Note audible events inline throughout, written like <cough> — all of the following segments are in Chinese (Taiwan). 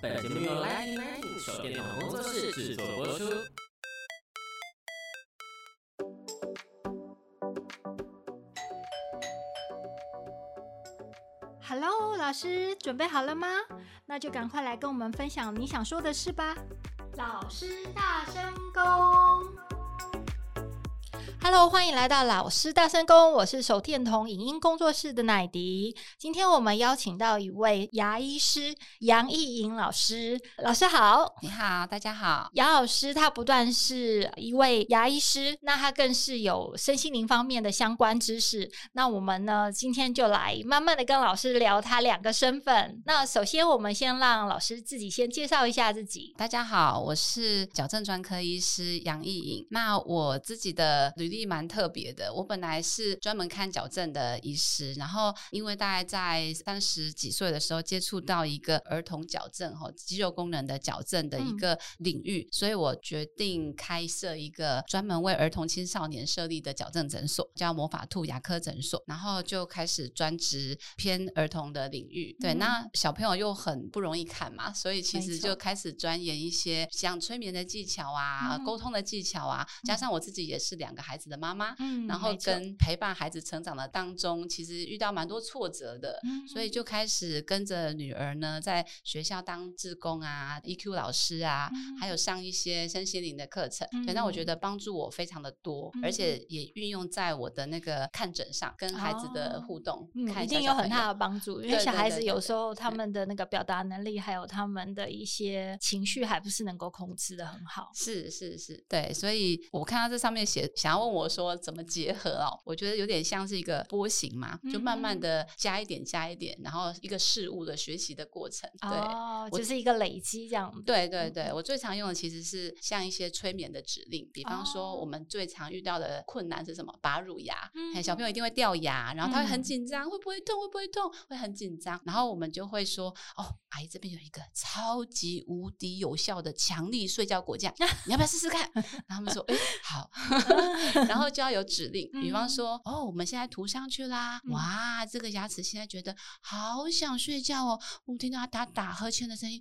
本節目由 Lightning 手電筒工作室製作播出。Hello，老師，準備好了嗎？那就趕快來跟我們分享你想說的事吧。老師大，大聲公。Hello，歡迎來到老師大聲公。我是手電筒影音工作室的乃迪。今天我們邀請到一位牙醫師楊亦穎老師。老師好，你好，大家好。楊老師他不但是，一位牙醫師，那他更是有身心靈方面的相關知識。那我們呢，今天就來慢慢的跟老師聊他兩個身份。那首先，我們先讓老師自己先介紹一下自己。大家好，我是矯正專科醫師楊亦穎。那我自己的旅力蠻特別的。我本來是專門看矯正的醫師，然後因為大概在三十幾歲的時候接觸到一個兒童矯正和肌肉功能的矯正的一個領域，嗯、所以我決定開設一個專門為兒童青少年設立的矯正診所，叫魔法兔牙科診所，然後就開始專職偏兒童的領域。嗯、對，那小朋友又很不容易看嘛，所以其實就開始鑽研一些像催眠的技巧啊、嗯、溝通的技巧啊，加上我自己也是兩個孩子。的媽媽，嗯、然後跟陪伴孩子成長的當中，錯其實遇到蠻多挫折的，嗯、所以就開始跟着女兒呢，在學校當志工啊，EQ 老師啊，嗯、還有上一些身心靈的課程。嗯、所以那我覺得幫助我非常的多，嗯、而且也運用在我的那個看診上，跟孩子的互動，一定有很大的幫助。因為小孩子有時候他們的那個表達能力，對還有他們的一些情緒，還不是能夠控制的很好。是是是，對。所以我看到這上面寫，想要問。我說怎麼結合哦？我覺得有點像是一個波形嘛，嗯嗯，就慢慢的加一點加一點，然後一個事物的學習的過程，對，哦、我就是一個累積這樣。對，對對對，嗯、我最常用的其實是像一些催眠的指令，比方說我們最常遇到的困難是什麼？拔乳牙，哦、小朋友一定會掉牙，然後他會很緊張，嗯嗯，會不會痛？會不會痛？會很緊張，然後我們就會說，哦，阿姨這邊有一個超級無敵有效的強力睡覺果醬，啊、你要不要試試看？ <laughs> 然後他們說，欸、好。 <laughs> <laughs> 然後就要有指令，比、嗯、方說，嗯、哦，我們現在塗上去啦，嗯、哇，這個牙齒現在覺得好想睡覺哦，我們聽到他打打呵欠的聲音，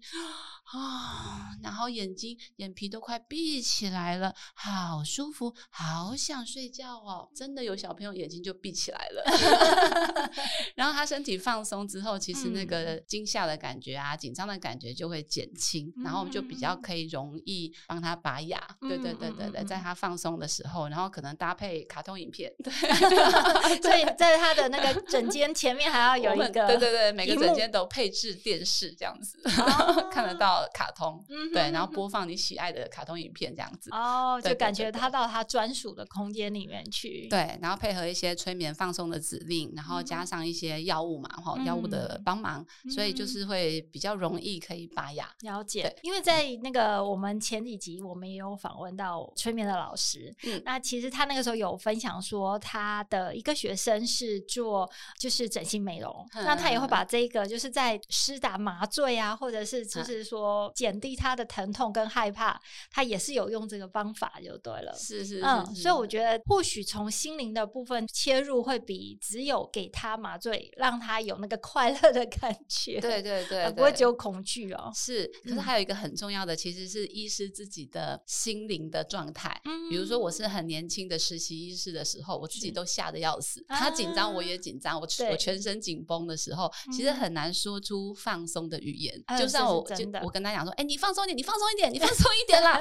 啊，然後眼睛眼皮都快閉起來了，好舒服，好想睡覺哦，真的有小朋友眼睛就閉起來了，嗯、 <laughs> <laughs> 然後他身體放鬆之後，其實那個驚嚇的感覺啊，緊張的感覺就會減輕，嗯、然後我們就比較可以容易幫他拔牙，嗯、對對對對對，在他放鬆的時候，然後可能。搭配卡通影片，對 <laughs> 所以在他的那個診間前面還要有一個，對對對，每個診間都配置電視這樣子，哦、看得到卡通，嗯哼嗯哼對，然後播放你喜愛的卡通影片這樣子，哦，就感覺他到他專屬的空間裡面去，對，對，對，對，然後配合一些催眠放鬆的指令，然後加上一些藥物嘛，哈、嗯，藥物的幫忙，嗯、所以就是會比較容易可以拔牙。了解，對因為在那個我們前幾集我們也有訪問到催眠的老師，嗯，那其實他。他那個時候有分享說，他的一個學生是做就是整形美容，嗯、那他也會把這個就是在施打麻醉啊，或者是就是說減低他的疼痛跟害怕，啊、他也是有用這個方法就對了。是是、是嗯，是是是，所以我覺得或許從心靈的部分切入會比只有給他麻醉，讓他有那個快樂的感覺。對對、對對對，不會只有恐懼哦。是，可是還有一個很重要的，其實是醫師自己的心靈的狀態。嗯、比如說我是很年輕的實習醫師的時候，我自己都嚇得要死。他緊張，我也緊張。我我全身緊繃的時候，其實很難說出放鬆的語言。就像我真的，我跟他講說：“哎，你放鬆一點，你放鬆一點，你放鬆一點啦，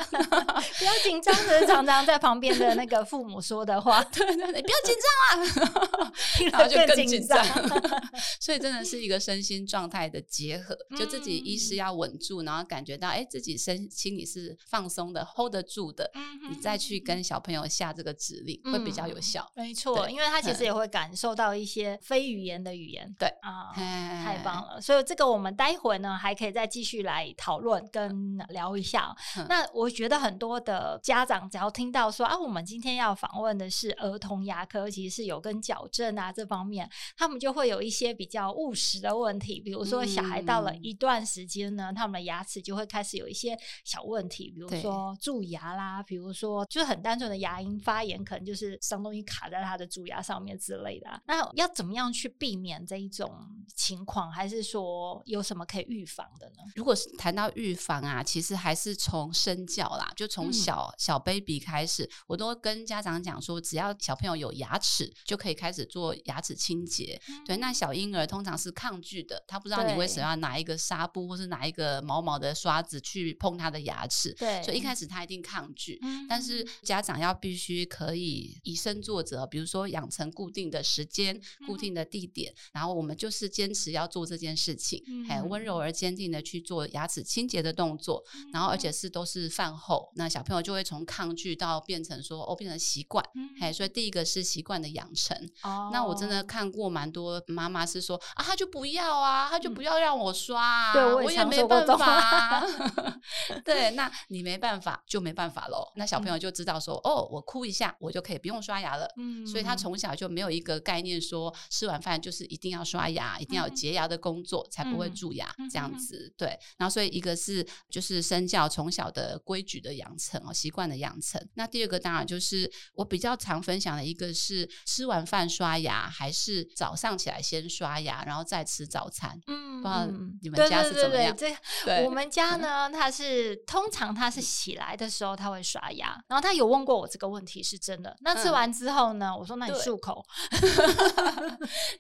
不要緊張。”只是常常在旁邊的那個父母說的話：“對對對，你不要緊張啦。”然後就更緊張。所以真的是一個身心狀態的結合。就自己醫師要穩住，然後感覺到哎，自己身心裡是放鬆的，hold 得住的。你再去跟小朋友下這個。指令、嗯、會比較有效，沒錯錯，對因為他其實也會感受到一些非語言的語言。對啊，嗯、太棒了！嘿所以這個我們待會呢還可以再繼續來討論跟聊一下。嗯、那我覺得很多的家長只要聽到說、嗯、啊，我們今天要訪問的是兒童牙科，其實是有跟矯正啊這方面，他們就會有一些比較務實的問題，比如說小孩到了一段時間呢，嗯、他們的牙齒就會開始有一些小問題，比如說蛀牙啦，對比如說就是很單純的牙齦發。牙齦可能就是髒東西卡在他的蛀牙上面之類的、啊。那要怎麼樣去避免這一種情況？還是說有什麼可以預防的呢？如果是談到預防啊，其實還是從身教啦，就從小、嗯、小 baby 開始，我都跟家長講說，只要小朋友有牙齒，就可以開始做牙齒清潔。嗯、對，那小嬰兒通常是抗拒的，他不知道你為什麼要拿一個紗布，或是拿一個毛毛的刷子去碰他的牙齒。對，所以一開始他一定抗拒。嗯、但是家長要必須。可以以身作則，比如說養成固定的時間、嗯、固定的地點，然後我們就是堅持要做這件事情，哎、嗯，溫柔而堅定的去做牙齒清潔的動作，嗯、然後而且是都是飯後，那小朋友就會從抗拒到變成說哦，變成習慣、嗯嘿，所以第一個是習慣的養成。哦、那我真的看過蠻多媽媽是說啊，他就不要啊，他就不要讓我刷、啊嗯，對我也，想我也沒辦法、啊。 <laughs> 對，那你沒辦法就沒辦法嘍。那小朋友就知道說、嗯、哦，我哭一下。我就可以不用刷牙了，嗯、所以他從小就沒有一個概念說、嗯、吃完飯就是一定要刷牙，嗯、一定要潔牙的工作，嗯、才不會蛀牙、嗯、這樣子。對，然後所以一個是就是身教，從小的規矩的養成哦，習慣的養成。那第二個當然就是我比較常分享的一個是吃完飯刷牙，還是早上起來先刷牙，然後再吃早餐。嗯。不知道你們家是怎麼樣，嗯，對，對，對，對，這。對我們家呢，他，嗯，是通常他是起來的時候他會刷牙，然後他有問過我這個問題是真的。那吃完之後呢，嗯，我說，那你漱口。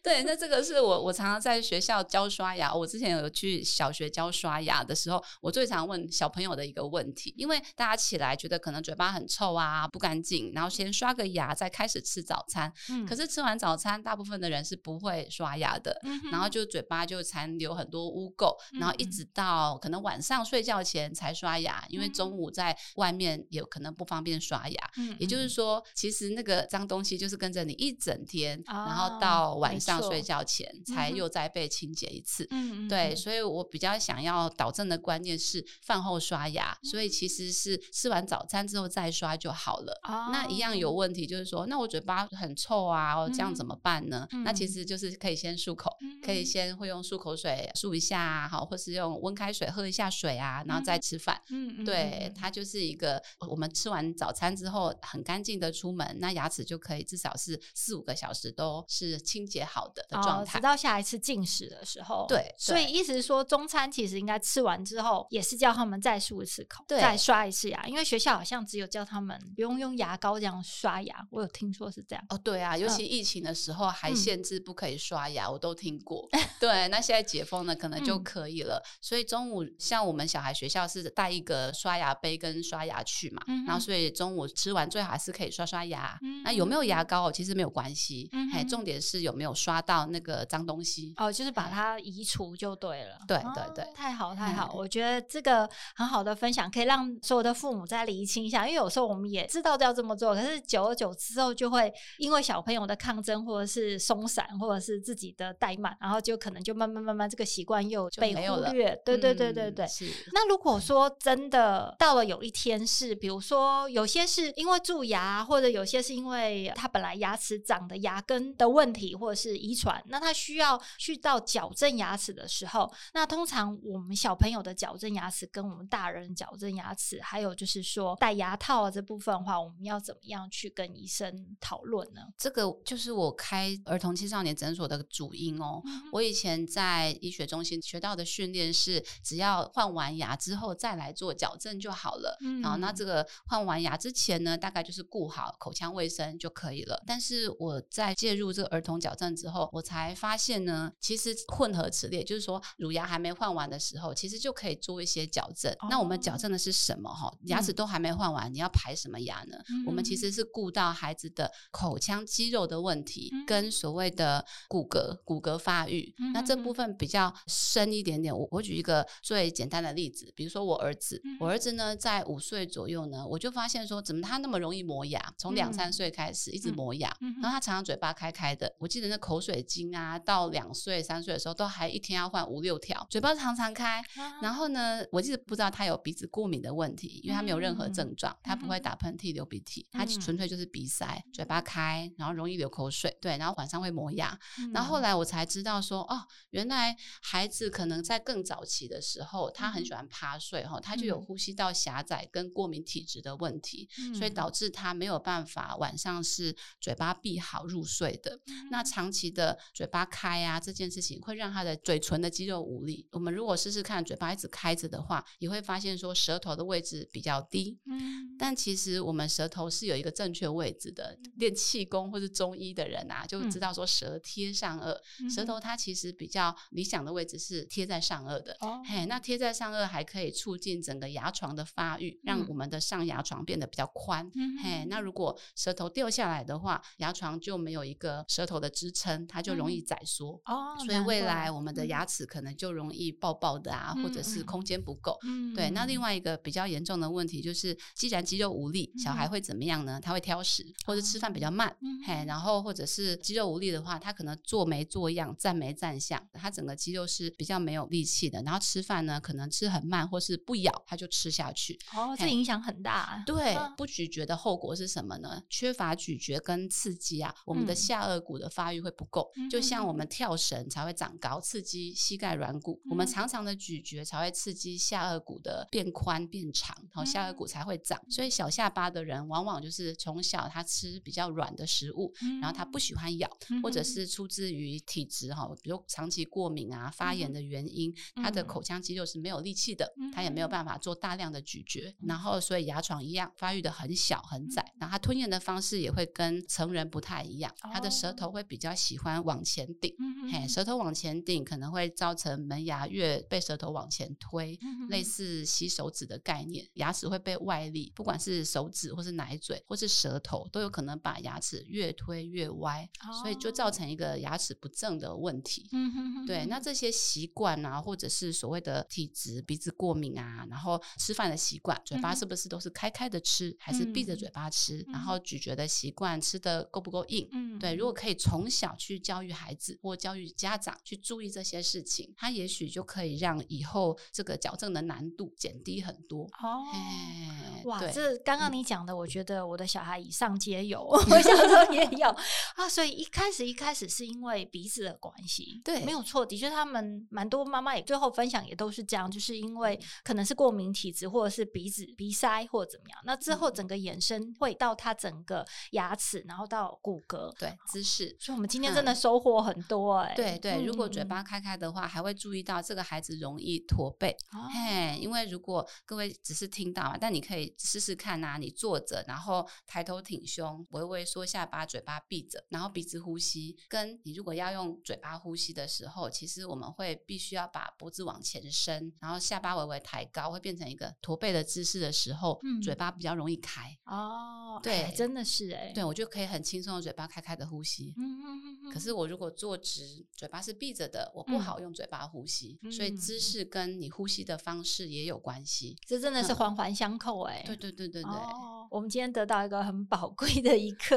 對， <laughs> <laughs> 對，那這個是我我常常在學校教刷牙，我之前有去小學教刷牙的時候，我最常問小朋友的一個問題，因為大家起來覺得可能嘴巴很臭啊，不乾淨，然後先刷個牙再開始吃早餐。嗯，可是吃完早餐，大部分的人是不會刷牙的，嗯，哼然後就嘴巴就殘留。有很多污垢，然後一直到可能晚上睡覺前才刷牙，因為中午在外面有可能不方便刷牙。嗯，也就是說，其實那個髒東西就是跟着你一整天，然後到晚上睡覺前才又再被清潔一次。嗯嗯。對，所以我比較想要導正的觀念是飯後刷牙，所以其實是吃完早餐之後再刷就好了。那一樣有問題就是說，那我嘴巴很臭啊，這樣怎麼辦呢？那其實就是可以先漱口，可以先會用漱口水，漱一下、啊、或是用溫開水喝一下水啊，然後再吃飯。嗯，對，嗯嗯嗯它就是一個我們吃完早餐之後很乾淨的出門，那牙齒就可以至少是四五個小時都是清潔好的的狀態、哦，直到下一次進食的時候。對，所以意思是說，中餐其實應該吃完之後也是叫他們再漱一次口，對再刷一次牙，因為學校好像只有叫他們不用用牙膏這樣刷牙。我有聽說是這樣哦，對啊，尤其疫情的時候還限制不可以刷牙，嗯、我都聽過。 <laughs> 對，那現在解封。可能就可以了，嗯、所以中午像我們小孩學校是帶一個刷牙杯跟刷牙去嘛，嗯、哼然後所以中午吃完最好還是可以刷刷牙。嗯、哼那有沒有牙膏哦？其實沒有關係，哎、嗯哼，重點是有沒有刷到那個髒東西哦，就是把它移除就對了。嘿對對對，太好、啊、太好，太好嗯、哼我覺得這個很好的分享可以讓所有的父母再理清一下，因為有時候我們也知道這要這麼做，可是久而久之之後就會因為小朋友的抗爭或者是鬆散或者是自己的怠慢，然後就可能就慢慢慢慢這個。的習慣又被忽略，嗯、對對對對對。是那如果說真的到了有一天是，比如說有些是因為蛀牙，或者有些是因為他本來牙齒長的牙根的問題，或者是遺傳，那他需要去到矯正牙齒的時候，那通常我們小朋友的矯正牙齒跟我們大人矯正牙齒，還有就是說戴牙套啊這部分的話，我們要怎麼樣去跟醫生討論呢？這個就是我開兒童青少年診所的主因哦。我以前在。醫學中心學到的訓練是，只要換完牙之後再來做矯正就好了。嗯、嗯，好，那這個換完牙之前呢，大概就是顧好口腔衛生就可以了。但是我在介入這個兒童矯正之後，我才發現呢，其實混合齒列，就是說乳牙還沒換完的時候，其實就可以做一些矯正。哦、那我們矯正的是什麼？哈，牙齒都還沒換完，嗯、你要排什麼牙呢？嗯嗯嗯，我們其實是顧到孩子的口腔肌肉的問題，跟所謂的骨骼、骨骼發育。嗯嗯嗯，那這部分比較。要深一點點，我我舉一個最簡單的例子，比如說我兒子，嗯、我兒子呢在五歲左右呢，我就發現說，怎麼他那麼容易磨牙？從兩三歲開始一直磨牙，嗯、然後他常常嘴巴開開的。我記得那口水巾啊，到兩歲三歲的時候都還一天要換五六條，嘴巴常常開。然後呢，我記得不知道他有鼻子過敏的問題，因為他沒有任何症狀，他不會打噴嚏流鼻涕，他純粹就是鼻塞、嘴巴開，然後容易流口水，對，然後晚上會磨牙。嗯、然後後來我才知道說，哦，原來。孩子可能在更早期的時候，他很喜歡趴睡哈、哦，他就有呼吸道狹窄跟過敏體質的問題，嗯、所以導致他沒有辦法晚上是嘴巴閉好入睡的。嗯、那長期的嘴巴開啊，這件事情會讓他的嘴唇的肌肉無力。我們如果試試看嘴巴一直開着的話，你會發現說舌頭的位置比較低。嗯、但其實我們舌頭是有一個正確位置的。練氣功或是中醫的人啊，就知道說舌貼上顎，嗯、舌頭它其實比較理。講的位置是貼在上顎的，oh. 嘿，那貼在上顎還可以促進整個牙床的發育，讓我們的上牙床變得比較寬。Mm hmm. 嘿，那如果舌頭掉下來的話，牙床就沒有一個舌頭的支撐，它就容易窄縮哦。Mm hmm. 所以未來我們的牙齒可能就容易爆爆的啊，mm hmm. 或者是空間不夠。Mm hmm. 對，那另外一個比較嚴重的問題就是，既然肌肉無力，小孩會怎麼樣呢？他會挑食，或者吃飯比較慢。Mm hmm. 嘿，然後或者是肌肉無力的話，他可能坐沒坐樣，站沒站相，他整個。肌肉是比較沒有力氣的，然後吃飯呢，可能吃很慢，或是不咬，他就吃下去。哦，這影響很大、嗯。對，不咀嚼的後果是什麼呢？缺乏咀嚼跟刺激啊，我們的下顎骨的發育會不夠。嗯、就像我們跳繩才會長高，刺激膝蓋軟骨；嗯、我們常常的咀嚼才會刺激下顎骨的變寬變長，然後下顎骨才會長。嗯、所以小下巴的人，往往就是從小他吃比較軟的食物，嗯、然後他不喜歡咬，或者是出自於體質哈，比如長期過敏。牙、啊、發炎的原因，嗯、他的口腔肌肉是沒有力氣的，嗯、他也沒有辦法做大量的咀嚼，嗯、然後所以牙床一樣發育的很小很窄，嗯、然後他吞嚥的方式也會跟成人不太一樣，哦、他的舌頭會比較喜歡往前頂，哎、嗯嗯，舌頭往前頂可能會造成門牙越被舌頭往前推，嗯嗯、類似吸手指的概念，牙齒會被外力，不管是手指或是奶嘴或是舌頭，都有可能把牙齒越推越歪，哦、所以就造成一個牙齒不正的問題。嗯嗯嗯、對，那。這些習慣啊，或者是所謂的體質、鼻子過敏啊，然後吃飯的習慣，嘴巴是不是都是開開的吃，嗯、還是閉着嘴巴吃？嗯、然後咀嚼的習慣，吃的夠不夠硬？嗯、對。如果可以從小去教育孩子或教育家長去注意這些事情，他也許就可以讓以後這個矯正的難度減低很多。哦，欸、哇，對這剛剛你講的，嗯、我覺得我的小孩以上皆有， <laughs> 我小時候也有啊。所以一開始一開始是因為鼻子的關係，對，沒有錯，的確。他們蠻多媽媽也最後分享，也都是這樣，就是因為可能是過敏體質，或者是鼻子鼻塞或者怎麼樣，那之後整個延伸會到他整個牙齒，然後到骨骼，對姿勢、哦。所以我們今天真的收穫很多哎、欸嗯。對對，如果嘴巴開開的話，還會注意到這個孩子容易駝背。嗯、因為如果各位只是聽到嘛，但你可以試試看啊，你坐着，然後抬頭挺胸，微微縮下巴，把嘴巴閉着，然後鼻子呼吸，跟你如果要用嘴巴呼吸的時候，其實。是，我們會必須要把脖子往前伸，然後下巴微微抬高，會變成一個駝背的姿勢的時候，嗯、嘴巴比較容易開哦。對、哎，真的是哎。對，我就可以很輕鬆的嘴巴開開的呼吸。嗯嗯，可是我如果坐直，嘴巴是閉着的，我不好用嘴巴呼吸，嗯、所以姿勢跟你呼吸的方式也有關係。嗯、這真的是環環相扣哎、嗯。對對對對對，對。哦。我們今天得到一個很寶貴的一刻。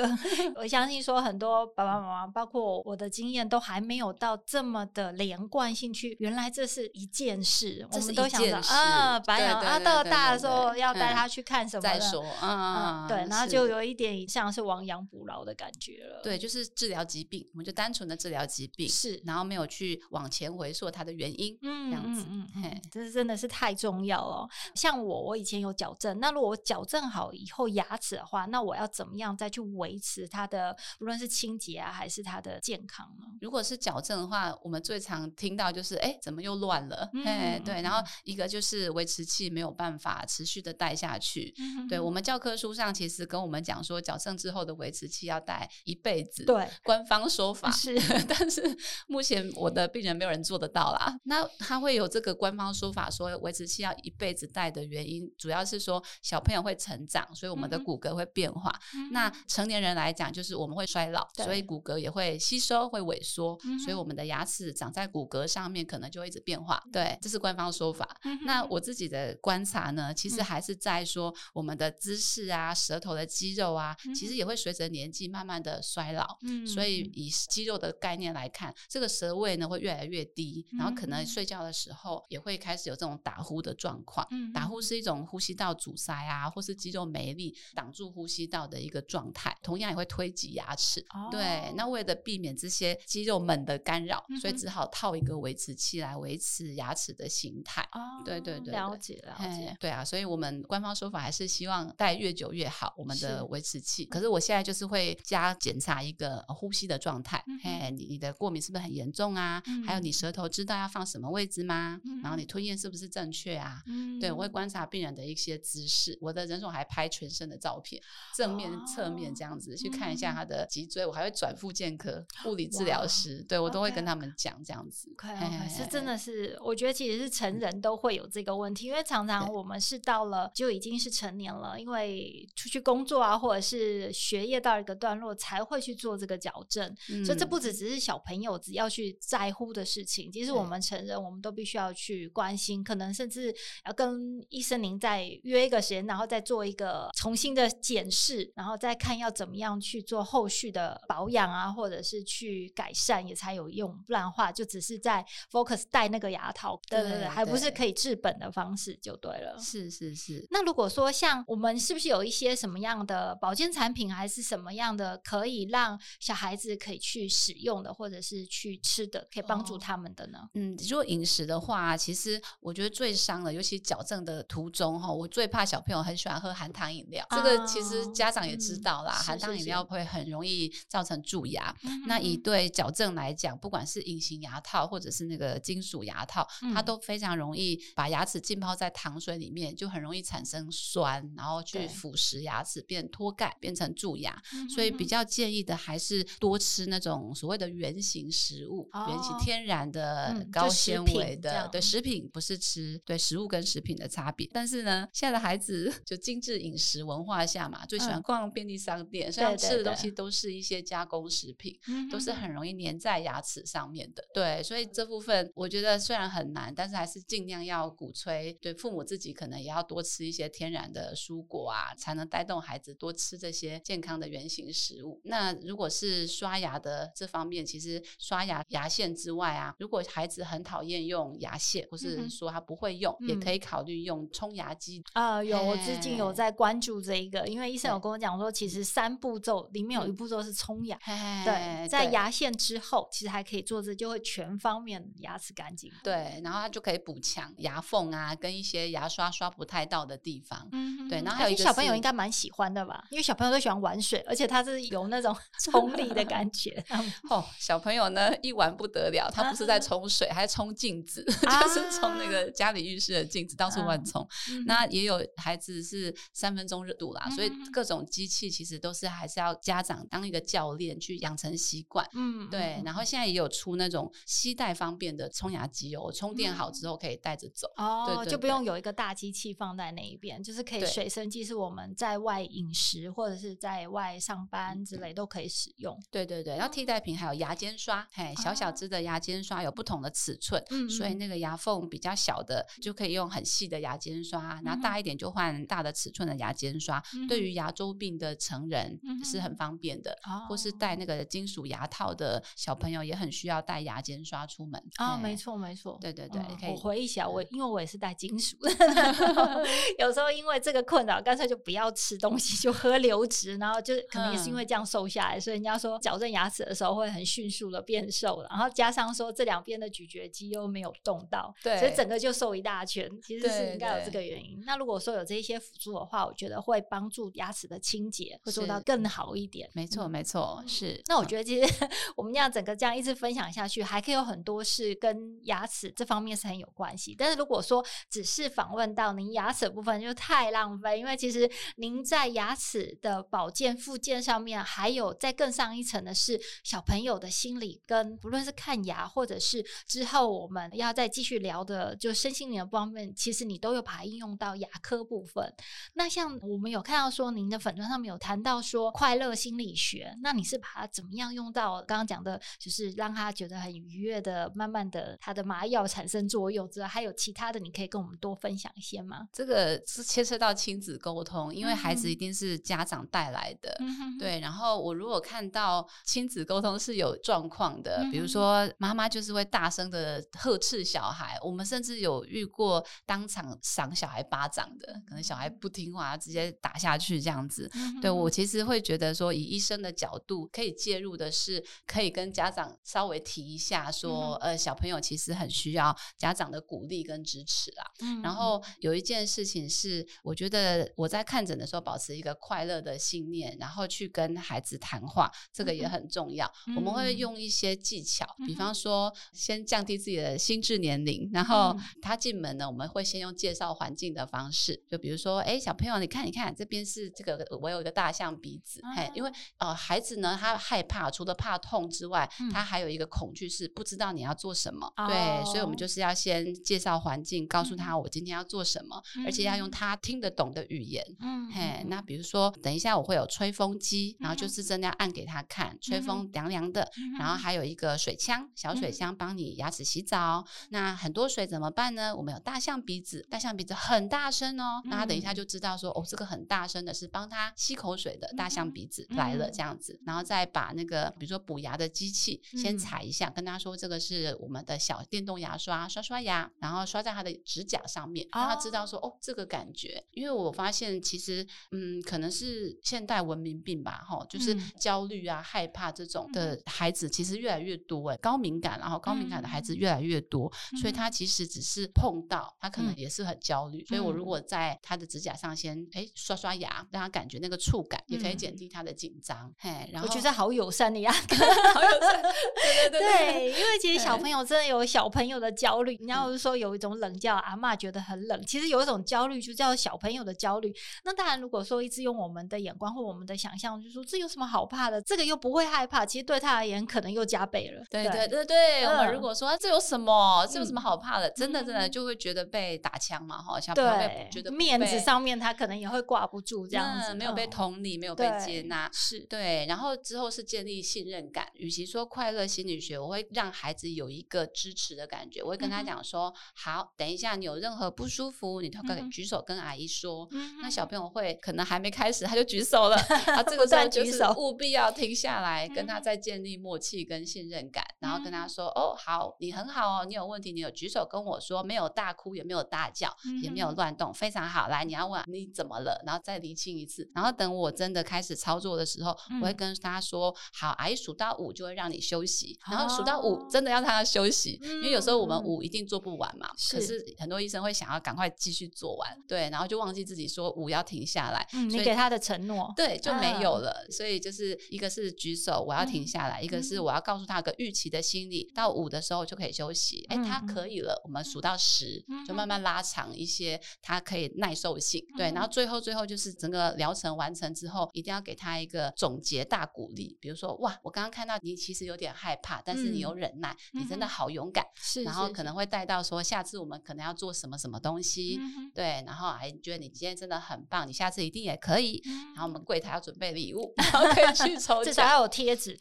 我相信說很多爸爸媽媽，包括我的經驗，都還沒有到這麼的連貫性去。原來這是一件事，我們都想着啊，把他養到大的時候要帶他去看什麼再說。嗯，對，然後就有一點像是亡羊補牢的感覺了。對，就是治療疾病，我們就單純的治療疾病，是，然後沒有去往前回溯它的原因，嗯，這樣子，嗯，這是真的是太重要了。像我，我以前有矯正，那如果我矯正好以後。牙齒的話，那我要怎麼樣再去維持它的，不論是清潔啊，還是它的健康呢？如果是矯正的話，我們最常聽到就是，哎、欸，怎麼又亂了？哎、嗯，對，然後一個就是維持器沒有辦法持續的戴下去。嗯、哼哼，對，我們教科書上其實跟我們講說，矯正之後的維持器要戴一輩子，對，官方說法是。 <laughs> 但是目前我的病人沒有人做得到啦。那他會有這個官方說法，說維持器要一輩子戴的原因，主要是說小朋友會成長，所以我。我們的骨骼會變化，嗯、那成年人來講，就是我們會衰老，對所以骨骼也會吸收、會萎縮，嗯、所以我們的牙齒長在骨骼上面，可能就會一直變化。嗯、對，這是官方說法。嗯、那我自己的觀察呢，其實還是在說我們的姿勢啊、舌頭的肌肉啊，嗯、其實也會隨着年紀慢慢的衰老。嗯。所以以肌肉的概念來看，這個舌位呢會越來越低，嗯、然後可能睡覺的時候也會開始有這種打呼的狀況。嗯。打呼是一種呼吸道阻塞啊，或是肌肉沒力，擋住呼吸道的一個狀態，同樣也會推擠牙齒。哦、對，那為了避免這些肌肉們的干擾，嗯、哼所以只好套一個維持器來維持牙齒的形態。哦，對，對對對，了解了解。對啊，所以我們官方說法還是希望戴越久越好。我們的維持器，是可是我現在就是會加檢查一個呼吸的狀態。嗯、哼嘿，你你的過敏是不是很嚴重啊？嗯、哼還有你舌頭知道要放什麼位置嗎？嗯、哼然後你吞嚥是不是正確啊？嗯、哼對我會觀察病人的一些姿勢。我的診所還拍全生的照片，正面、側面這樣子去看一下他的脊椎，我還會轉復健科、物理治療師，對我都會跟他們講這樣子。哎呀，是，真的是，我覺得其實是成人都會有這個問題，因為常常我們是到了就已經是成年了，因為出去工作啊，或者是學業到一個段落，才會去做這個矯正。所以這不只只是小朋友只要去在乎的事情，其實我們成人我們都必須要去關心，可能甚至要跟醫生您再約一個時間，然後再做一個。重新的檢視，然後再看要怎麼樣去做後續的保養啊，或者是去改善，也才有用。不然的話就只是在 focus 戴那個牙套，對對對，對對還不是可以治本的方式，就對了。是是是。是是，那如果說像我們是不是有一些什麼樣的保健產品，還是什麼樣的可以讓小孩子可以去使用的，或者是去吃的，可以幫助他們的呢？哦、嗯，如果飲食的話，其實我覺得最傷的，尤其矯正的途中哈，我最怕小朋友很喜歡喝含糖飲。這個其實家長也知道啦，含糖、哦嗯、飲料會很容易造成蛀牙。那以對矯正來講，不管是隱形牙套或者是那個金屬牙套，嗯、它都非常容易把牙齒浸泡在糖水裡面，就很容易產生酸，然後去腐蝕牙齒，變脫鈣，變成蛀牙。對嗯、所以比較建議的還是多吃那種所謂的原型食物，哦、原型天然的、嗯、高纖維的食對食品，不是吃對食物跟食品的差別。但是呢，現在的孩子就精致飲食。文化下嘛，最喜歡逛便利商店，所以、嗯、吃的東西都是一些加工食品，對對對，都是很容易粘在牙齒上面的。嗯、哼對，所以這部分我覺得雖然很難，但是還是儘量要鼓吹。對，父母自己可能也要多吃一些天然的蔬果啊，才能帶動孩子多吃這些健康的原型食物。那如果是刷牙的這方面，其實刷牙牙線之外啊，如果孩子很討厭用牙線，或是說他不會用，嗯、哼也可以考慮用沖牙機啊、嗯嘿呃。有，我最近有在關注。住這一個，因為醫生有跟我講說，其實三步驟裡面有一步驟是沖牙，對，在牙線之後，其實還可以做這，就會全方面牙齒乾淨。對，然後他就可以補強牙縫啊，跟一些牙刷刷不太到的地方。對，然後還有一個小朋友應該蠻喜歡的吧，因為小朋友都喜歡玩水，而且他是有那種沖力的感覺。哦，小朋友呢一玩不得了，他不是在沖水，還沖鏡子，就是沖那個家裡浴室的鏡子到處亂沖。那也有孩子是三分鐘。熱度啦，嗯嗯嗯，所以各種機器其實都是還是要家長當一個教練去養成習慣，嗯，嗯，嗯，對。然後現在也有出那種攜帶方便的沖牙機哦，充電好之後可以帶着走、嗯、哦，對對對，就不用有一個大機器放在那一邊，就是可以隨身，即使對我們在外飲食或者是在外上班之類都可以使用，嗯嗯對對對。然後替代品還有牙間刷，哦、嘿，小小只的牙間刷有不同的尺寸，嗯，嗯，嗯，所以那個牙縫比較小的就可以用很細的牙間刷，嗯嗯，然後大一點就換大的尺寸的牙間刷。牙間刷對於牙周病的成人是很方便的。嗯、哼或是戴那個金屬牙套的小朋友也很需要戴牙間刷出門啊。哦對，沒錯沒錯，對對對，哦、以我回憶起來，我因為我也是戴金屬， <laughs> <laughs> 有時候因為這個困擾，乾脆就不要吃東西，就喝流食，然後就可能也是因為這樣瘦下來，所以人家說矯正牙齒的時候會很迅速的變瘦了，然後加上說這兩邊的咀嚼肌又沒有動到，對。所以整個就瘦一大圈，其實是應該有這個原因。對對那如果說有這些輔助的話，我覺得。會幫助牙齒的清潔，會做到更好一點。沒錯，沒錯，嗯、是。那我覺得，其實、嗯、我們要整個這樣一直分享下去，還可以有很多是跟牙齒這方面是很有關係。但是如果說只是訪問到您牙齒的部分，就太浪費。因為其實您在牙齒的保健、附件上面，還有再更上一層的是小朋友的心理，跟不論是看牙，或者是之後我們要再繼續聊的，就身心靈的方面，其實你都有把它應用到牙科部分。那像。我們有看到說，您的粉專上面有談到說快樂心理學，那你是把它怎麼樣用到？剛剛講的就是讓他覺得很愉悅的，慢慢的他的麻藥產生作用，之後還有其他的，你可以跟我們多分享一些嗎？這個是牽涉到親子溝通，因為孩子一定是家長帶來的，嗯、哼哼對。然後我如果看到親子溝通是有狀況的，嗯、哼哼比如說媽媽就是會大聲的呵斥小孩，我們甚至有遇過當場賞小孩巴掌的，可能小孩不聽話。直接打下去這樣子，嗯、哼對，我其實會覺得說，以醫生的角度可以介入的是，可以跟家長稍微提一下說，嗯、哼呃，小朋友其實很需要家長的鼓勵跟支持啦、啊。嗯、哼然後有一件事情是，我覺得我在看診的時候保持一個快樂的信念，然後去跟孩子談話，這個也很重要。嗯、哼我們會用一些技巧，比方說先降低自己的心智年齡，然後他進門呢，我們會先用介紹環境的方式，就比如說，誒、欸，小朋友你。你看，你看這邊是這個，我有一個大象鼻子，嗯、因為呃，孩子呢，他害怕，除了怕痛之外，嗯、他還有一個恐懼是不知道你要做什麼，嗯、對，所以我們就是要先介紹環境，嗯、告訴他我今天要做什麼，嗯、而且要用他聽得懂的語言，嗯，嗯嘿，那比如說，等一下我會有吹風機，然後就是真的要按給他看，吹風涼涼的，嗯、然後還有一個水槍，小水槍幫你牙齒洗澡，嗯、那很多水怎麼辦呢？我們有大象鼻子，大象鼻子很大聲哦，那他等一下就知道說。這個很大聲的，是幫他吸口水的大象鼻子來了，這樣子，然後再把那個比如說補牙的機器先踩一下，跟他說這個是我們的小電動牙刷，刷刷牙，然後刷在他的指甲上面，讓他知道說哦，這個感覺。因為我發現其實嗯，可能是現代文明病吧，哈，就是焦慮啊、害怕這種的孩子其實越來越多，哎，高敏感，然後高敏感的孩子越來越多，所以他其實只是碰到，他可能也是很焦慮，所以我如果在他的指甲上先。哎，刷刷牙，讓他感覺那個觸感，也可以減低他的緊張。嘿，我覺得好友善的樣子。對對對，因為其實小朋友真的有小朋友的焦慮。你要說有一種冷叫阿嬤覺得很冷，其實有一種焦慮就叫小朋友的焦慮。那當然，如果說一直用我們的眼光或我們的想象，就說這有什麼好怕的？這個又不會害怕，其實對他而言可能又加倍了。對對對對，我們如果說這有什麼，這有什麼好怕的？真的真的就會覺得被打槍嘛。哈，小朋友覺得面子上面他可能，也會掛不住這樣子、嗯，沒有被同理，沒有被接納，對是對。然後之後是建立信任感。與其說快樂心理學，我會讓孩子有一個支持的感覺。我會跟他講說：嗯、哼好，等一下你有任何不舒服，嗯、哼你都可以舉手跟阿姨說。嗯、哼那小朋友會可能還沒開始，他就舉手了。他、嗯、哼這個時候舉手，務必要停下來，跟他再建立默契跟信任感，嗯、哼然後跟他說：哦，好，你很好哦，你有問題，你有舉手跟我說，沒有大哭，也沒有大叫，嗯、哼也沒有亂動，非常好。來，你要問你怎麼？好了，然後再釐清一次，然後等我真的開始操作的時候，我會跟他說：“好，哎，數到五就會讓你休息。”然後數到五真的要讓他休息，因為有時候我們五一定做不完嘛。可是很多醫生會想要趕快繼續做完，對，然後就忘記自己說五要停下來。你給他的承諾，對，就沒有了。所以就是一個是舉手我要停下來，一個是我要告訴他個預期的心理，到五的時候就可以休息。哎，他可以了，我們數到十就慢慢拉長一些，他可以耐受性。對，然後最。最後，最後就是整個療程完成之後，一定要給他一個總結大鼓勵。比如說，哇，我剛剛看到你其實有點害怕，但是你有忍耐，你真的好勇敢。是。然後可能會帶到說，下次我們可能要做什麼什麼東西？對，然後還覺得你今天真的很棒，你下次一定也可以。然後我們櫃台要準備禮物，然後可以去抽獎，至少要有貼紙，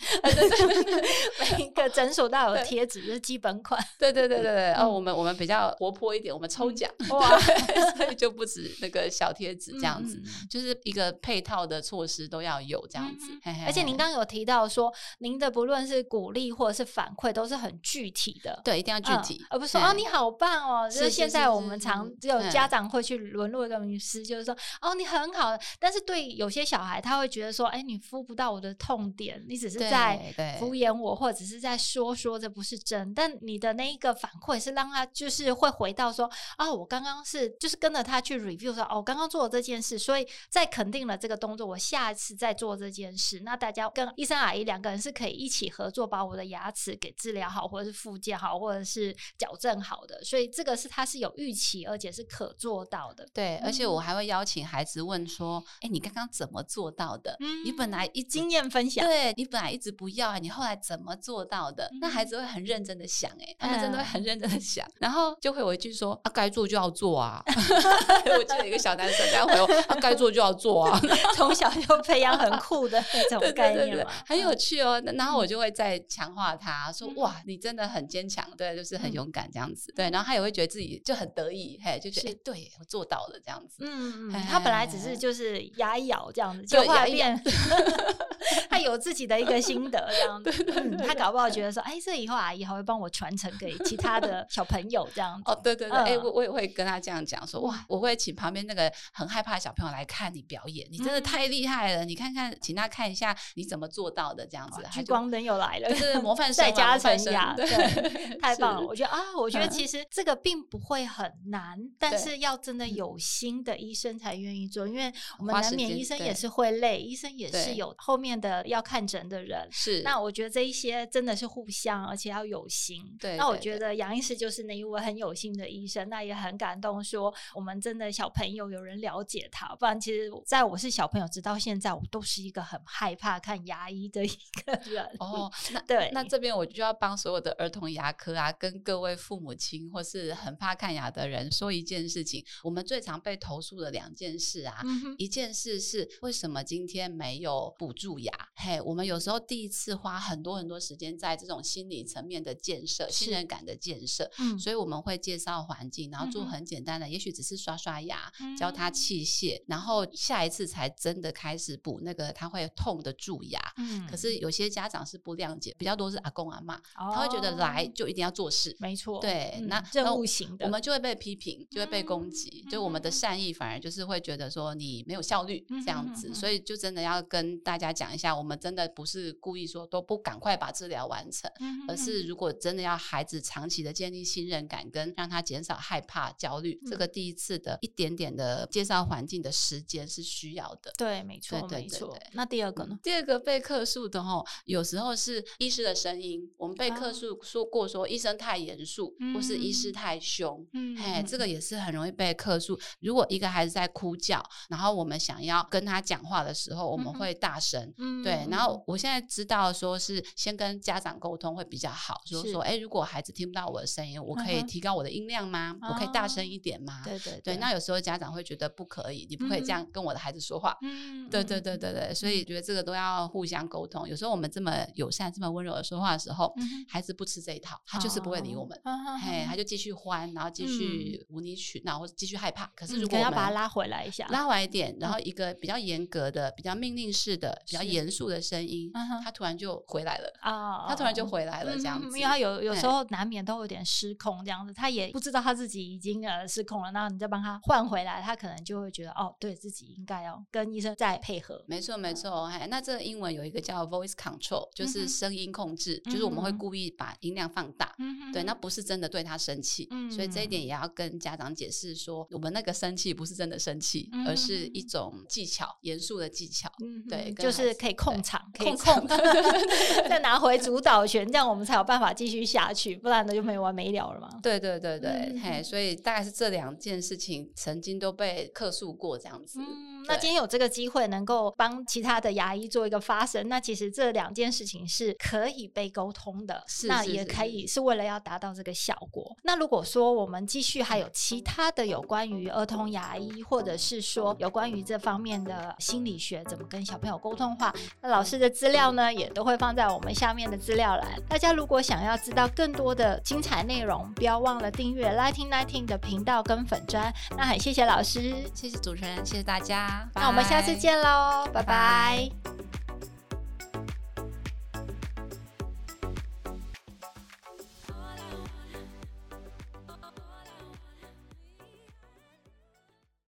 每一個診所都有貼紙，就是基本款。對對對對對。哦，我們我們比較活潑一點，我們抽獎哇，所以就不止那個小貼紙。這樣子，嗯、就是一個配套的措施都要有這樣子。而且您剛剛有提到說，您的不論是鼓勵或者是反饋，都是很具體的。對，一定要具體，嗯、而不是說、嗯、啊，你好棒哦。是，就是現在我們常只有家長會去淪落一個名詞，就是說、嗯、哦，你很好，但是對有些小孩他會覺得說，哎、欸、你敷不到我的痛點，你只是在敷衍我，或者只是在說說這不是真。但你的那一個反饋是讓他就是會回到說啊、哦、我剛剛是就是跟着他去 review 說哦，剛剛做的。這件事，所以在肯定了這個動作，我下次再做這件事。那大家跟醫生阿姨兩個人是可以一起合作，把我的牙齒給治療好，或者是復健好，或者是矯正好的。所以這個是他是有預期，而且是可做到的。對，對，而且我還會邀請孩子問說：“哎、嗯，你剛剛怎麼做到的？嗯、你本來一經驗分享，對你本來一直不要，你後來怎麼做到的？”嗯、那孩子會很認真的想，哎，他們真的會很認真的想，哎、呀然後就會有一句說：“啊，該做就要做啊！” <laughs> <laughs> 我記得一個小男生。 <laughs> 該做就要做啊！從小就培養很酷的那種概念，很有趣哦。然後我就會再強化他說：“哇，你真的很堅強，對，就是很勇敢這樣子。”對，然後他也會覺得自己就很得意，嘿，就是對，我做到了這樣子。嗯嗯，他本來只是就是牙一咬這樣子就畫一遍。他有自己的一個心得這樣子。他搞不好覺得說：“哎，這以後阿姨還會幫我傳承給其他的小朋友這樣子。”哦，對對對，哎，我我也會跟他這樣講說：“哇，我會請旁邊那個很。”害怕小朋友來看你表演，你真的太厲害了！你看看，請他看一下你怎麼做到的，這樣子。聚光燈又來了，是模範生加成呀！對，太棒了！我覺得啊，我覺得其實這個並不會很難，但是要真的有心的醫生才願意做，因為我們難免醫生也是會累，醫生也是有後面的要看診的人。是，那我覺得這一些真的是互相，而且要有心。對，那我覺得楊醫師就是那一位很有心的醫生，那也很感動。說我們真的小朋友有人聊了解他，不然其實在我是小朋友直到現在，我都是一個很害怕看牙醫的一個人。哦，那對，那這邊我就要幫所有的兒童牙科啊，跟各位父母親或是很怕看牙的人說一件事情：我們最常被投訴的兩件事啊，嗯、哼一件事是為什麼今天沒有補蛀牙？嘿、hey,，我們有時候第一次花很多很多時間在這種心理層面的建設、信任是感的建設，嗯、所以我們會介紹環境，然後做很簡單的，嗯、哼也許只是刷刷牙，教他、嗯。器械，然後下一次才真的開始補那個他會痛的蛀牙。嗯，可是有些家長是不諒解，比較多是阿公阿嬤，他會覺得來就一定要做事，沒錯。對，那任務型的，我們就會被批評，就會被攻擊，就我們的善意反而就是會覺得說你沒有效率這樣子。所以就真的要跟大家講一下，我們真的不是故意說都不趕快把治療完成，而是如果真的要孩子長期的建立信任感，跟讓他減少害怕焦慮，這個第一次的一點點的介紹。環境的時間是需要的，對，沒錯，沒錯，對對對對。那第二個呢？第二個被客訴的吼，有時候是醫師的聲音。我們被客訴說過說，醫生太嚴肅，啊、或是醫師太凶，嗯，嗯嘿，這個也是很容易被客訴。如果一個孩子在哭叫，然後我們想要跟他講話的時候，我們會大聲，嗯嗯對。然後我現在知道，說是先跟家長溝通會比較好，是就是說，誒、欸，如果孩子聽不到我的聲音，我可以提高我的音量嗎？啊、我可以大聲一點嗎？對對對，對。那有時候家長會覺得不。可以，你不可以這樣跟我的孩子說話。嗯哼，對對對對對，所以覺得這個都要互相溝通。有時候我們這麼友善、這麼溫柔的說話的時候，嗯、哼孩子不吃這一套，他就是不會理我們。他就繼續歡，然後繼續、嗯、無理取鬧，或繼續害怕。可是如果你要把他拉回來一下，拉回來一點，然後一個比較嚴格的、比較命令式的、比較嚴肅的聲音，他突然就回來了，他突然就回來了，哦、來了，這樣子。嗯嗯、因為他有有時候難免都有點失控，這樣子，嗯、他也不知道他自己已經呃失控了。然後你再幫他換回來，他可能就。會覺得哦，對，自己應該要跟醫生再配合。沒錯，沒錯。哎，那這個英文有一個叫 voice control，就是聲音控制，就是我們會故意把音量放大。對，那不是真的對他生氣，所以這一點也要跟家長解釋說，我們那個生氣不是真的生氣，而是一種技巧，嚴肅的技巧。對，就是可以控場，控控，再拿回主導權，這樣我們才有辦法繼續下去，不然的就沒完沒了了嘛。對，對，對，對。哎，所以大概是這兩件事情曾經都被克述過這樣子。嗯那今天有這個機會能夠幫其他的牙醫做一個發聲，那其實這兩件事情是可以被溝通的，是，是，那也可以是為了要達到這個效果。那如果說我們繼續還有其他的有關於兒童牙醫，或者是說有關於這方面的心理學怎麼跟小朋友溝通的話，那老師的資料呢也都會放在我們下面的資料欄。大家如果想要知道更多的精彩內容，不要忘了訂閱 Lighting Lighting 的頻道跟粉專。那很謝謝老師，謝謝主持人，謝謝大家。啊、Bye 那我們下次見嘍，拜拜 bye。